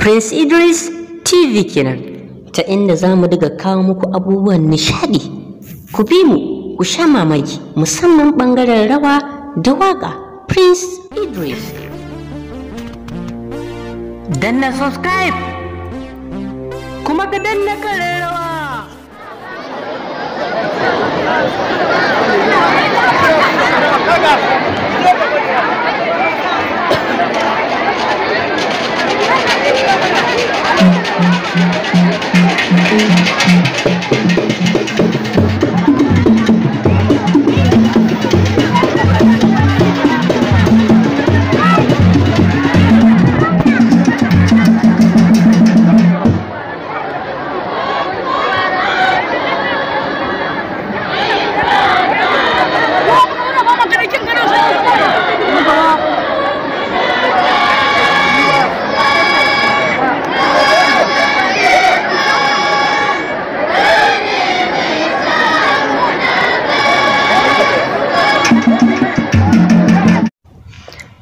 Prince Idris TV kenan ta inda za mu daga kawo muku abubuwan nishadi. Ku bi mu, ku sha mamaki musamman ɓangaren rawa da waƙa Prince Idris. Danna subscribe kuma ka danna kare rawa. Thank you. Thank you.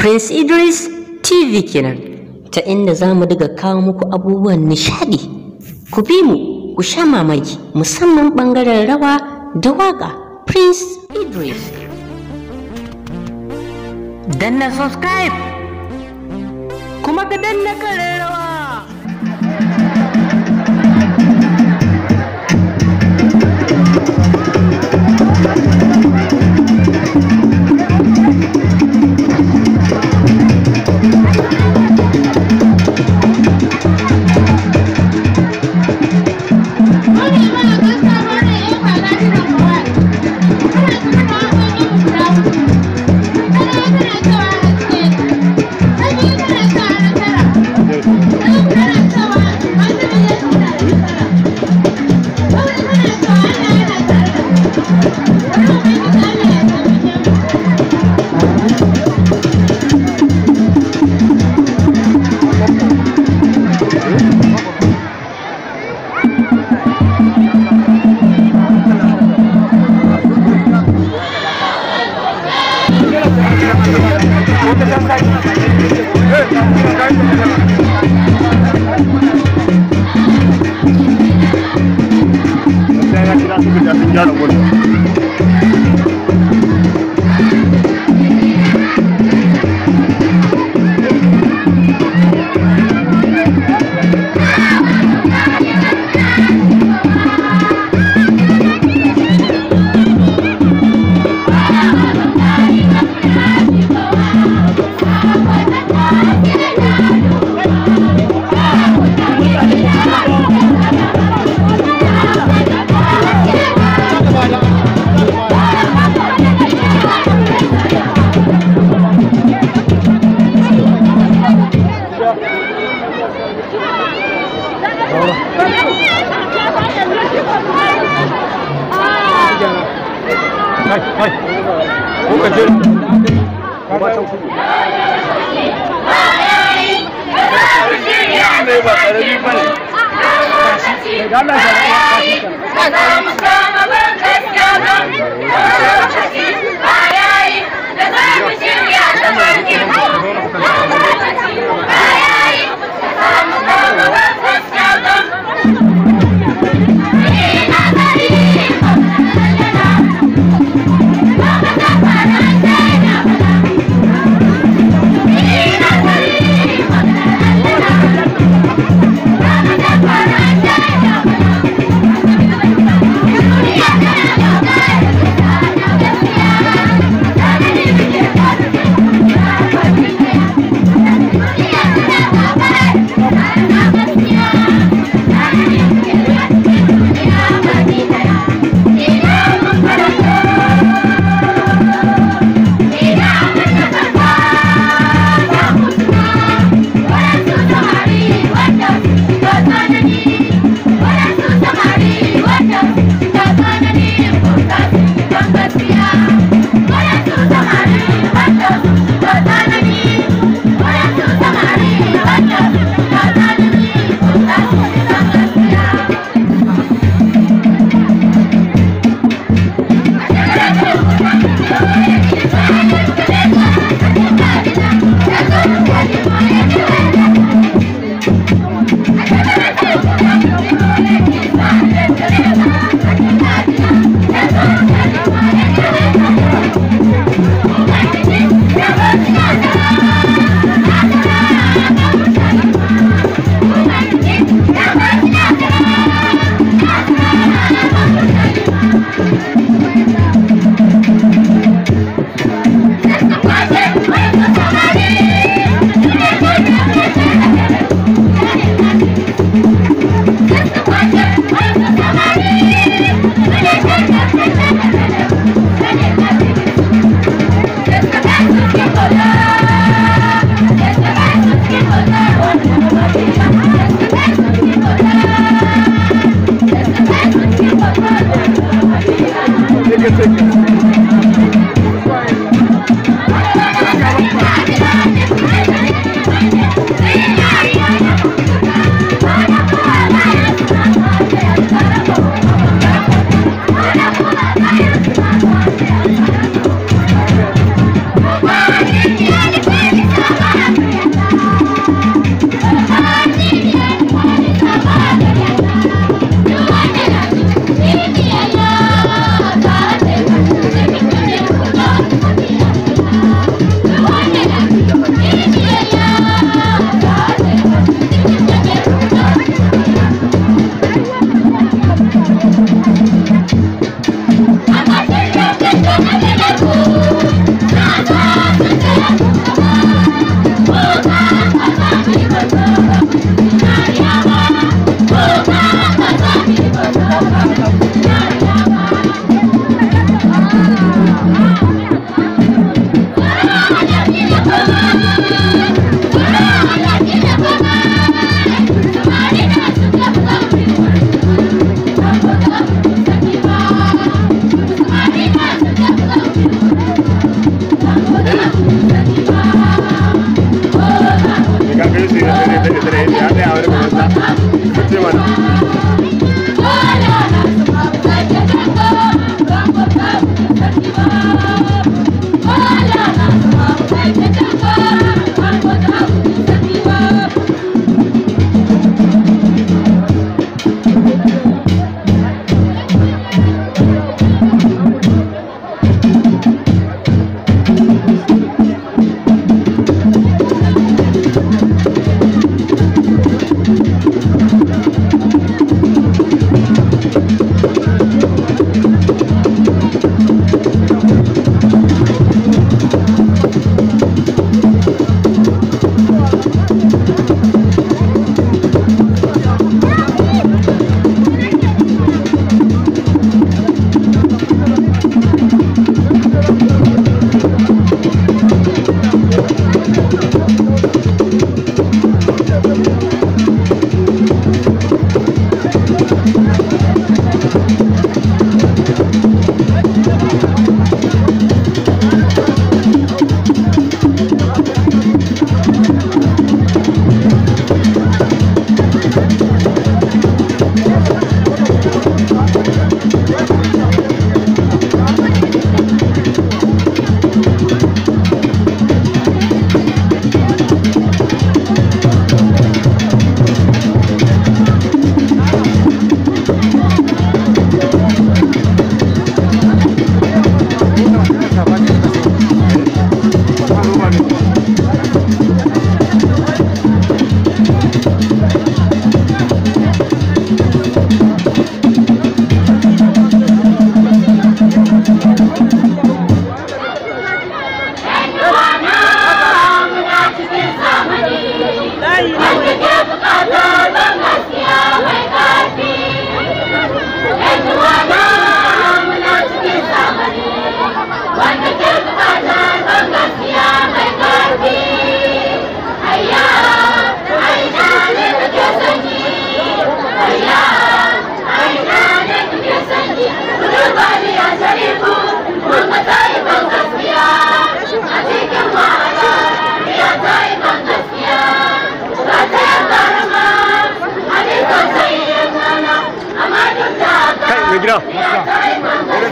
Prince Idris TV kenan ta inda zamu mu daga kawo muku abubuwan nishadi. Ku bi mu, ku sha mamaki musamman ɓangaren rawa da waƙa Prince Idris. Danna subscribe kuma ka danna karar 让这个家瞬间的温暖。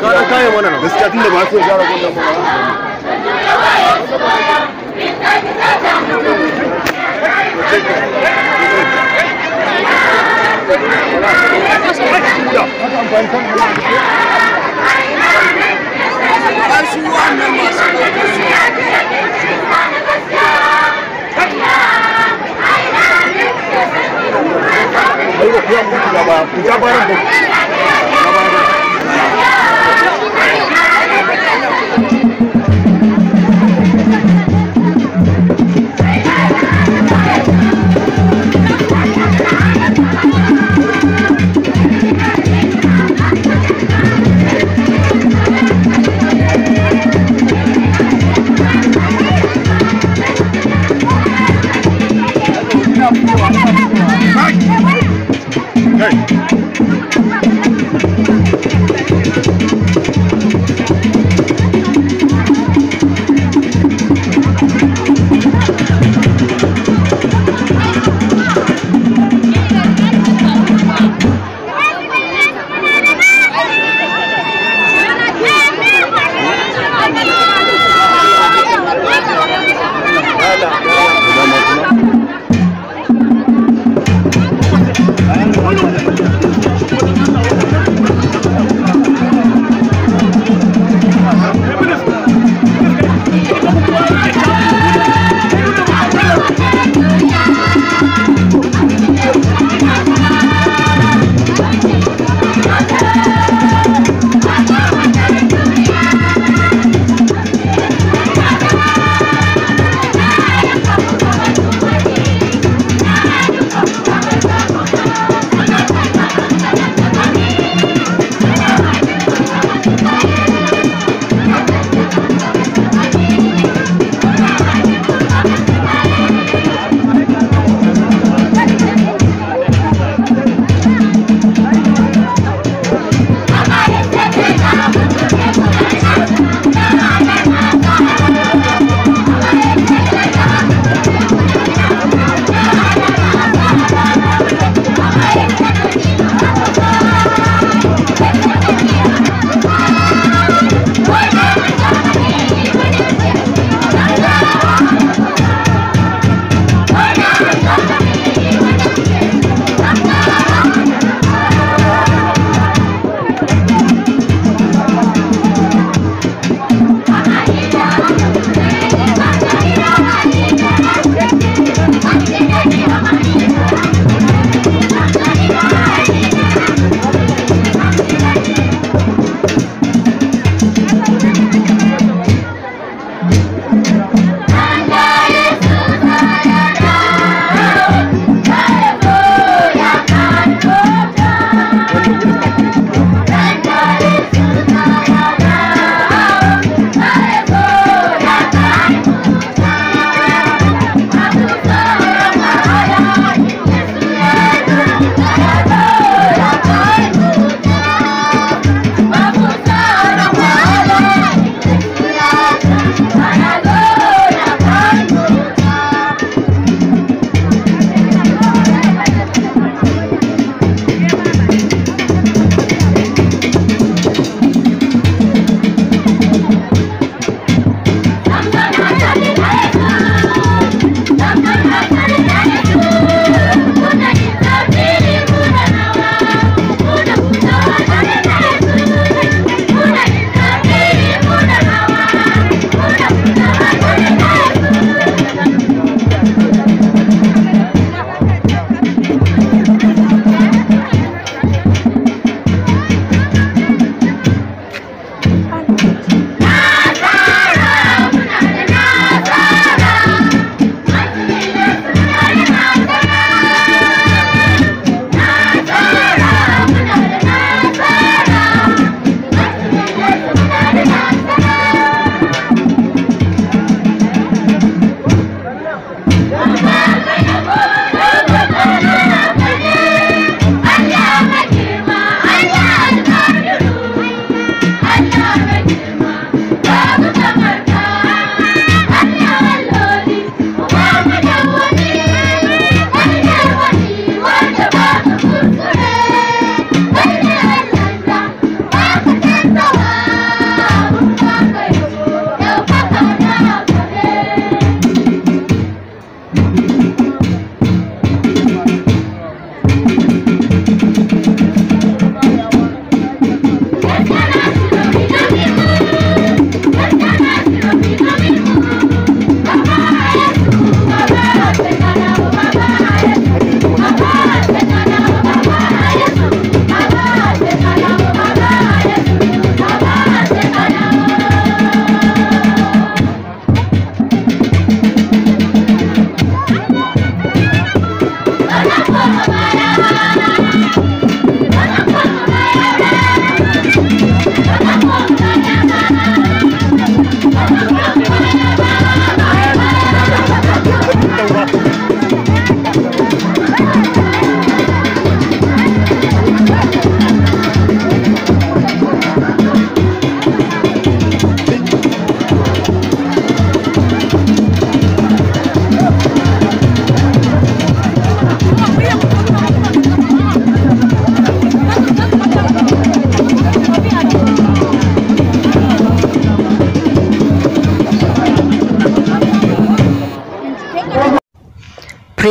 gara kayan wannan gaskiya tunda ba su gara gudun ba Ayo, kuya mutu gaba, kuya baran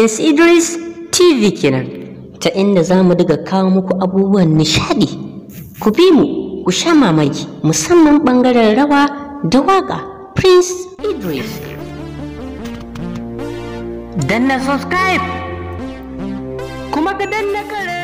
Prince Idris TV kenan ta inda za mu daga kawo muku abubuwan nishaɗi. Ku bi mu, ku sha mamaki musamman ɓangaren rawa da waƙa Prince Idris. Danna subscribe kuma ka danna kare